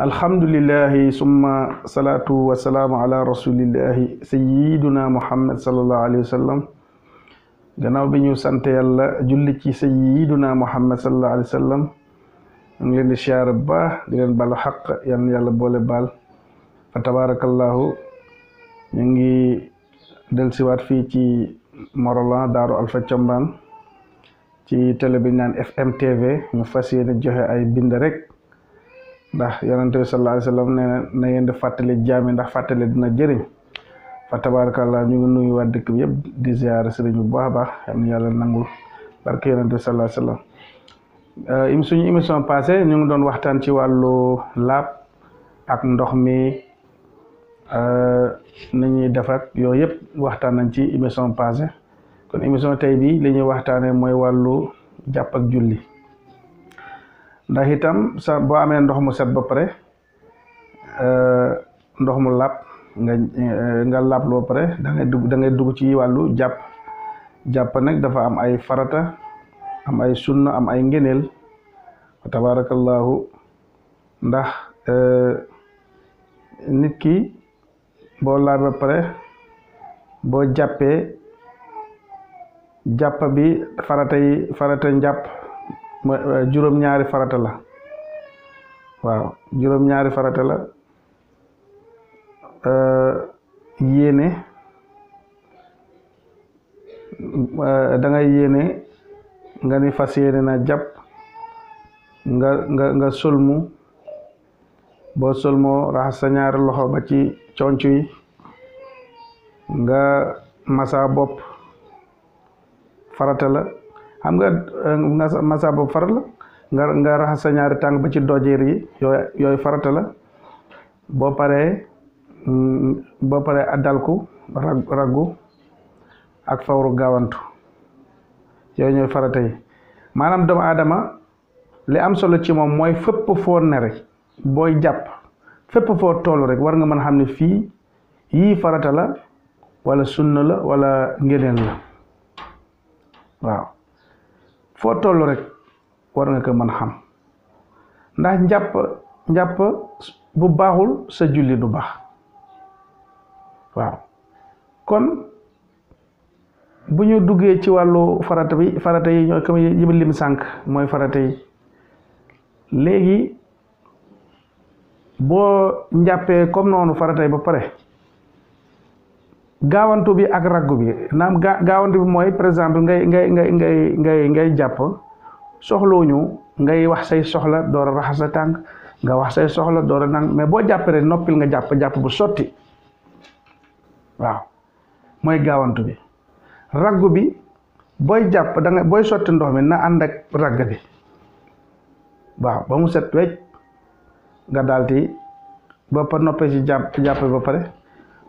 alhamdulillahi summa salatu wa salaamu ala rasulillahi sayyiduna muhammad sallallahu alayhi wa sallam gannaaw bi ñu sant yàlla julli ci sayyiduna muhammad sallallahu alayhi wa sallam ñu ngi leen di siyaare bu baax di leen baal xaq yal na yàlla boole baal fa tabaarakallahu ñu ngi dellusiwaat fii ci Morolan Daaru Alpha Thiombane ci télé bi ñu naan FMTV ñu fas yéene joxe ay bind rek baax yonente bi sallallahu alayhi wa sallam nee na na ngeen di fàttali jaam ndax fàttali dina jëriñ fa tabarakallah ñu ngi nuyu waa dëkk bi yëpp di ziare sëriñ bu baax a baax yal na yàlla nangu barke yonente bi sallallahu alayhi wa euh, suñu émission passé ñu ngi doon waxtaan ci wàllu laab ndox mi euh, ni ñuy def yooyu yëpp waxtaan nañ ci émission passé kon émission tey bi li ñuy waxtaanee mooy wàllu jàpp ak julli ndax itam sa bo amé ndox mu set ba euh ndox mu lap nga euh, nga lap lo paré da ngay dug da ngay dug ci walu japp japp nak dafa am ay farata am ay sunna am ay ngeneel wa tabarakallahu ndax euh, nit ki bo la ba paré bo jappé japp bi farata yi farata Eh, juróom-ñaari farata la waaw juróom-ñaari farata la eh, yene eh, da ngay yene nga ni fas na japp nga nga nga solmu bo solmoo raxas sa ñaari loxo ba ci conc yi nga masa bop farata la xam nga nga masa boobu faral nga nga rax sa ñaari tànk ba ci doojeer yi yooyu yooyu farata la boo paree boo paree addalku raggu ak fawru gawantu yooyu ñooy farata yi maanaam doomu aadama li am solo ci moom mooy fépp foo nere rek booy jàpp fépp foo toll rek war nga mën xam ne fii yii farata la wala sunna la wala ngeneen la waaw Foto toll rek war nga ko nyapa xam ndax njapp njapp bu baxul sa julli du bax waaw kon buñu duggé ci walu farata bi farata yi ñoy kamay yëma lim sank moy farata yi légui bo njappé comme nonu farata yi ba pare gaawantu bi ak raggu bi nam ga bi moy par exemple ngay ngay ngay ngay ngay ngay soxlo ñu ngay wax say soxla door a raxas nga wax say soxla door nang mais boo jàppee noppil nga japp japp bu soti waaw moy gaawantu bi raggu bi boy japp da nga boy soti ndox mi na and ak ragga bi waaw ba mu set wecc nga dalti ba pa noppé ci japp japp ba pare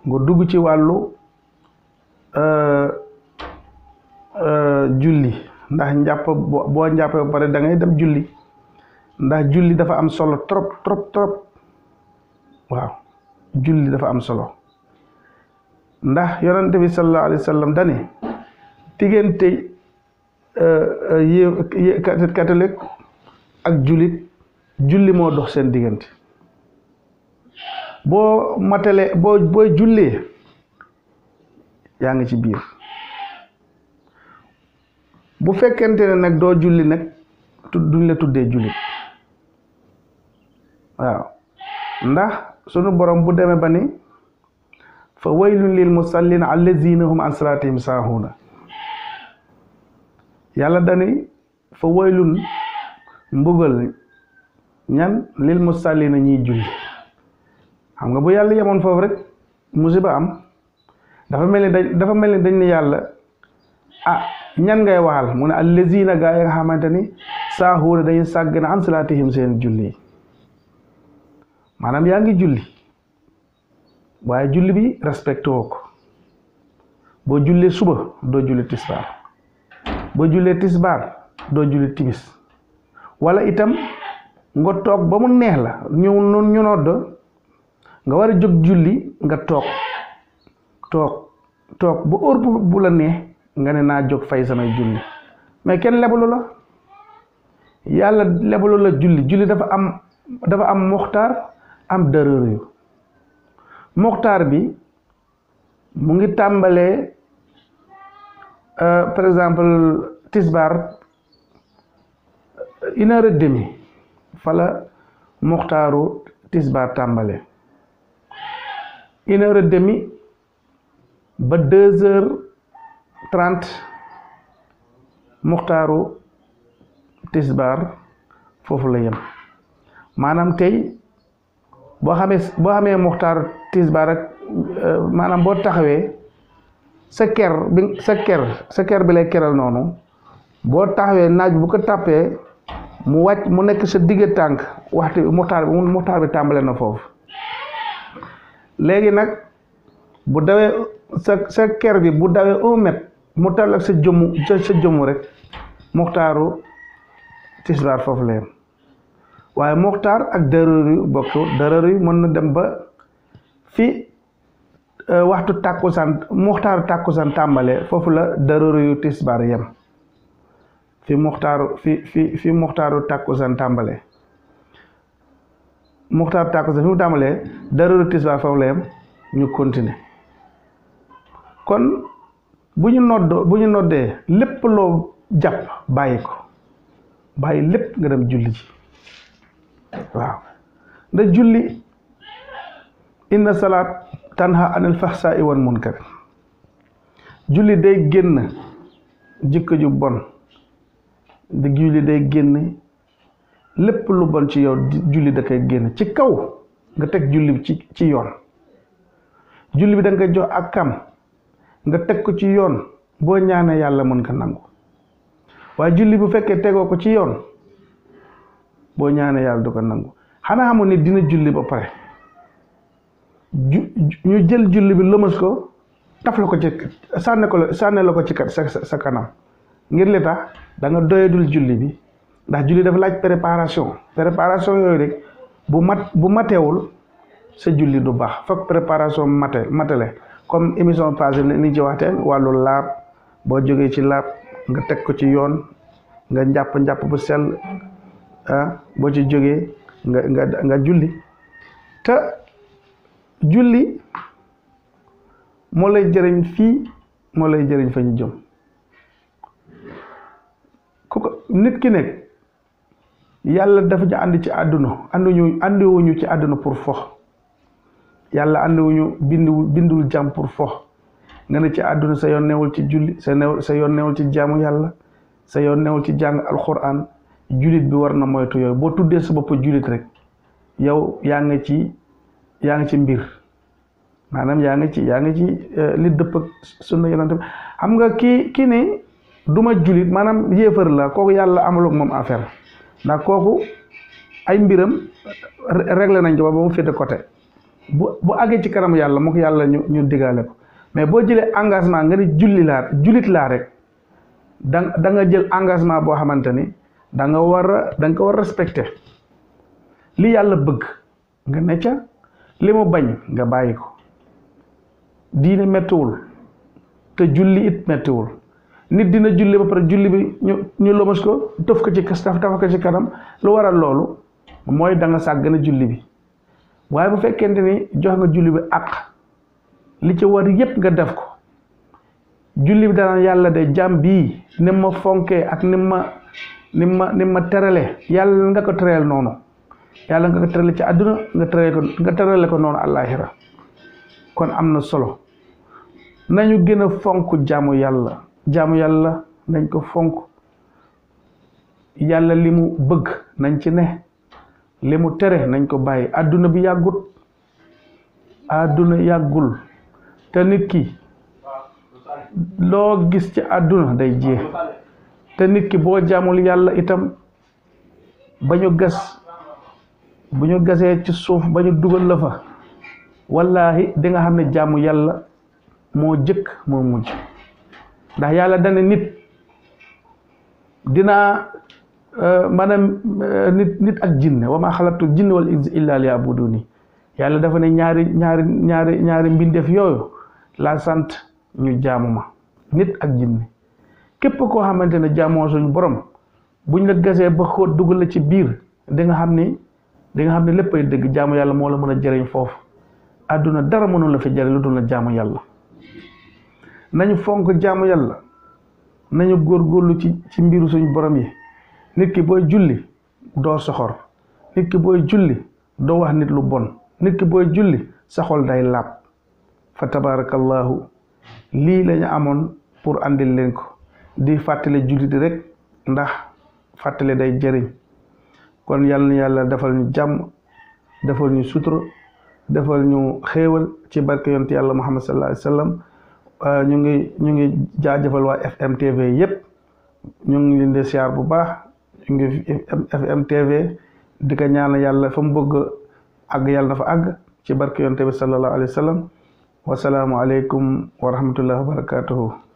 nga dugg ci walu Eh, eh, julli ndax njàpp boo njàppee ba pare da ngay dem julli ndax julli dafa am solo trop trop trop waaw julli dafa am solo ndax yonante bi sallallahu alayhi wa sallam dane diggante eh, yé catholique ak julit julli moo dox seen diggante boo matale boo booy jullee yaa ngi ci biir bu fekkente ne nag doo julli nag duñ la tuddee jullit waaw ndax sunu borom bu demee ba ni fa waylun lil musallin allazina hum an salaatihim saahuuna yàlla dani fa waylun mbugal ñan lil musallina ñiy julli xam nga bu yàlla yemoon foofu rek musiba am dafa mel ni dañ dafa mel ni dañ ne yàlla ah ñan ngay waxal mu ne allazina gaa yi nga xamante ni saahuuna dañuy sàgg na an salaatihim seen julli maanaam yaa ngi julli waaye julli bi respecté ko boo jullee suba doo julli tisbaar boo jullee tisbaar doo julli timis walla itam nga toog ba mu neex la ñu ñu nodd nga war a jóg julli nga toog toog toog ba heure bu bu la neex nga ne naa jóg fay samay julli mais kenn lebalu la yàlla lebalu la julli julli dafa am dafa am moxtaar am dërër yu moxtaar bi mu ngi tàmbalee euh, par exemple tisbaar euh, une heure et demie fala moxtaaru tisbaar tàmbale une heure et ba deux heures trente muxtaaru tisbaar foofu la yem maanaam tey boo xamee boo xamee muxtaaru tisbaar ak euh, maanaam boo taxawee sa ker bi sa ker sa ker bi lay keral noonu boo taxawee naaj bu ko tàppee mu wàcc mu nekk sa digge tànk waxtu muxtaar bi muxtaar bi tàmbale na foofu léegi nag bu dawee sa sa ker bi bu dawee un mètre mu tàll ak sa jëmmu sa sa jëmmu rek muxtaaru tisbaar foofu la yem waaye muxtaar ak dërër yu bokkul dërër yu mën na dem ba fi e, waxtu tàkkusaan muxtaaru tàkkusaan tàmbalee foofu la dërër yu tisbaar yem fi muxtaaru fi fi fi muxtaaru tàkkusaan tàmbalee muxtaaru tàkkusaan fi mu tàmbalee dërër tisbaar foofu la yem ñu continuer kon bu ñu noddoo bu ñu noddee lépp loo jàpp bàyyi ko bàyyi lépp nga dem julli ji waaw nda julli inna salaat tanha anil fahsa i wan munkar julli day génn jikko ju bon day génn lépp lu bon ci yow julli da koy génn ci kaw nga teg julli ci ci yoon julli bi da koy jox ak kam nga teg ko ci yoon boo ñaanee yàlla mën ko nangu waaye julli bu fekkee tegoo ko ci yoon boo ñaanee yàlla du ko nangu xanaa xamoon ne dina julli ba pare ñu jël julli bi lëmas ko taf la ko ci sànne ko sànne la ko ci kat sa sa kanam ngir li danga da julli bi ndax julli dafa laaj préparation préparation yooyu rek bu mat bu matewul sa julli du baax foog préparation mate matale comme émission passée ni ni jiwaatee wàllu laab boo jógee ci laab nga teg ko ci yoon nga njàpp njàpp bu sell ah boo ci jógee nga nga nga julli te julli moo lay jëriñ fii moo lay jëriñ fa ñu jëm nit ki nekk yàlla dafa ñu ànd ci àdduna ànduñu àndiwuñu ci àdduna pour fox andi wuñu bindu bindul jam pour fo nga ne ci aduna sa yon newul ci julli sa new sa yon newul ci jamu yalla sa yon newul ci jang alquran julit bi warna moytu yoy bo tuddé sa bop julit rek yow ya nga ci ya nga ci mbir manam ya nga ci ya nga ci eh, li depp sunna yonante xam nga ki ki ne duma julit manam yéefar la yalla amul ak mom affaire ndax koku ay mbiram régler nañ ko ba mu côté bu bu ci karam yalla mu ko yàlla ñu ñu diggaale ko mais bo jëlé engagement nga ni julli la julit la rek da nga jël engagement bo xamanteni ni da nga wara a da nga wara respecter li yalla bëgg nga ne li bañ nga bayiko diine metul te julli it metul nit dina julli ba pare julli bi ñu ñu ko teuf ko ci kastaf taf ko ci karam lu waral lolu moy da nga sagna julli bi waaye bu fekkente ni jox nga julli bi àq li ci war yépp nga def ko julli bi danaan yàlla de jàmm bii ni ma fonkee ak ni ma terale yàlla nga ko terale noonu yàlla nga ko terale ci àdduna nga terale ko nga terale ko noonu àllaaxira kon am na solo nañu gën a fonk jaamu yàlla jaamu yàlla nañ ko fonk yàlla li mu bëgg nañ ci ne limu téré nañ ko bayyi aduna bi yàggut aduna yagul té nit ki lo gis ci aduna day jé té nit ki bo jamul yalla itam bañu gas buñu gasé ci suuf bañu duggal la fa wallahi di nga xamné jamu yalla mo jëk mo mujj ndax yalla dana nit dina Eh, manam eh, nit nit ak jinne wa maa xalaqtul wal insa illa liyabuduni yalla dafa ne ñaari ñaari ñaari ñaari mbindef yoyu la sant ñu jaamuma nit ak jinne kep ko xamantene ne jaamoo suñu borom buñ la gasee ba xoot dugal la ci biir di nga xamni ni di nga xamni leppay deug jaamu yalla mo la mëna a jëriñ foofu dara mënu la fi jëriñ lu dul la jaamu yalla nañu fonk jaamu yalla nañu gorlu ci ci mbiru suñu borom yi nit ki boy julli doo soxor nit ki boy julli doo wax nit lu bon nit ki boy julli sa xol day laab fa tabarakallahu li lañu amon pour andil len ko di julli di rek ndax fatale day jering, kon yal na yalla defal ñu jam defal ñu sutru defal ñu xewal ci barke yonent yalla muhammad sallallahu Alaihi wasallam ñu ngi ñu ngi wa fm FMTV yépp ñu ngi leen di bu baax ngi FM TV di ko ñaan yàlla fa mu bëgg àgg yàlla na fa àgg ci barke yonte bi sallallahu alayhi wa sallam wasalaamualeykum wa